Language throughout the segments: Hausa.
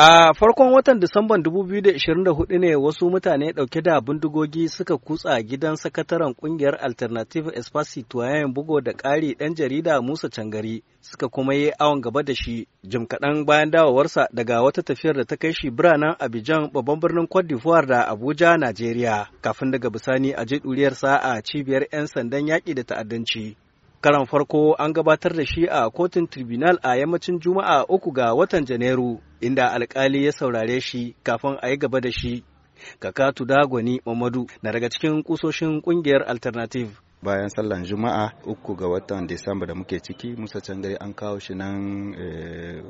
A farkon watan Disamban 2024 ne wasu mutane ɗauke da bindigogi suka kutsa gidan sakataren ƙungiyar Alternative to yayin Bugo da ƙari ɗan jarida Musa Cangari suka kuma yi awon gaba da shi jim kaɗan bayan dawowarsa daga wata tafiyar da ta kai shi biranen Abidjan babban birnin Cote d'Ivoire da Abuja, Najeriya, kafin daga bisani a je ɗuriyarsa a cibiyar 'yan sandan yaƙi da ta'addanci. Karan farko an gabatar da shi a kotun tribunal a yammacin Juma'a uku ga watan Janairu. inda alkali ya saurare shi kafin a yi gaba da shi kakatu dagwani mamadu na daga cikin kusoshin kungiyar alternative bayan sallan juma'a uku ga watan disamba da muke ciki musa gari an kawo shi nan eh,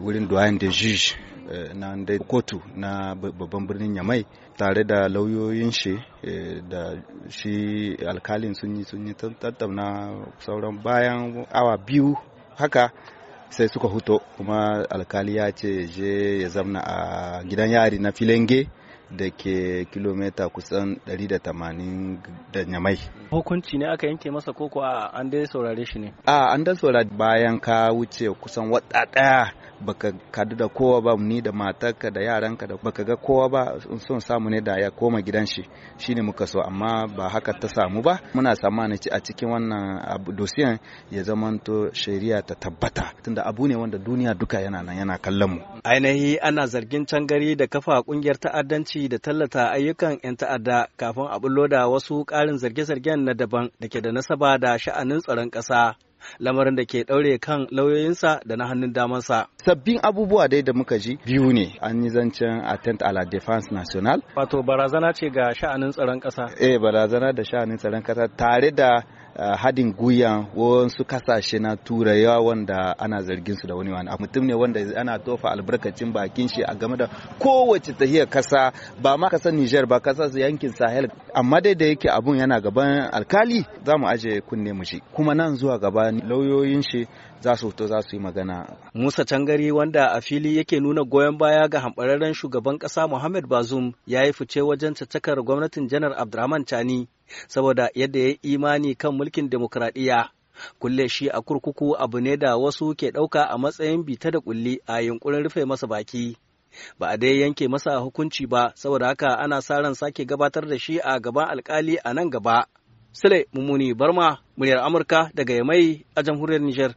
wurin doyen de juge eh, na kotu na babban birnin yamai tare da lauyoyin shi eh, da shi alkalin sun yi sun yi tattauna sauran bayan awa biyu haka sai suka huto kuma alkali ya ce je ya zamna a gidan yari na filenge da ke kilomita kusan 180 da nyamai. Hukunci ne aka yanke masa koko a an dai saurare shi ne? A an da saurare bayan ka wuce kusan wata ɗaya baka kadu da kowa ba ni da matarka da yaranka da baka ga kowa ba son samu ne da ya koma gidan shi shine muka so amma ba haka ta samu ba muna tsammani a cikin wannan dosiyan ya zamanto shari'a ta tabbata tunda abu ne wanda duniya duka yana nan yana kallon mu ainihi ana zargin can gari da kafa kungiyar ta'addanci da tallata ayyukan yan ta'adda kafin a bullo da wasu karin zarge-zargen na daban da ke da nasaba da sha'anin tsaron ƙasa lamarin da ke ɗaure kan lauyoyinsa da na hannun damansa. Sabbin abubuwa dai da muka ji biyu ne an yi zancen attempt a la defense national. Wato barazana ce ga sha'anin tsaron ƙasa. Eh barazana da sha'anin tsaron kasa tare da Uh, hadin gwiwa wasu kasashe na yawa wanda ana zargin su da wani wani mutum ne wanda ana tofa albarkacin bakin shi a game da kowace tahiyar kasa ba ma kasar Niger ba kasar yankin Sahel amma dai da yake abun yana gaban alkali za mu aje kunne mu shi kuma nan zuwa gaba lauyoyin shi za su fito za su yi magana Musa Tangari wanda a fili yake nuna goyon baya ga hambararren shugaban kasa Muhammad Bazum ya yi fice wajen caccakar gwamnatin janar Abdurrahman Chani saboda yadda ya yi imani kan mulkin demokradiyya kulle shi a kurkuku abu ne da wasu ke ɗauka a matsayin bita da kulli a yunkurin rufe masa baki ba a dai yanke masa hukunci ba saboda haka ana sa ran sake gabatar da shi a gaban alkali a nan gaba sule mummuni barma muryar amurka daga yamai a jamhuriyar Nijar.